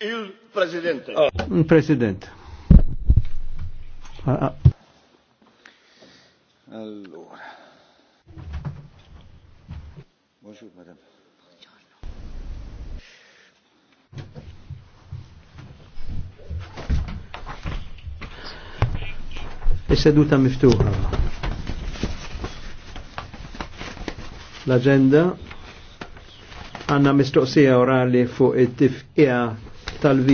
Il-Presidente. Iva. il President. Oh. Ah, ah. Allora. Buongiorno, madame. Buongiorno. Is-seduta miftuħa. L-agenda għanna mistoqsija orali fuq it-tifqija tal-virus.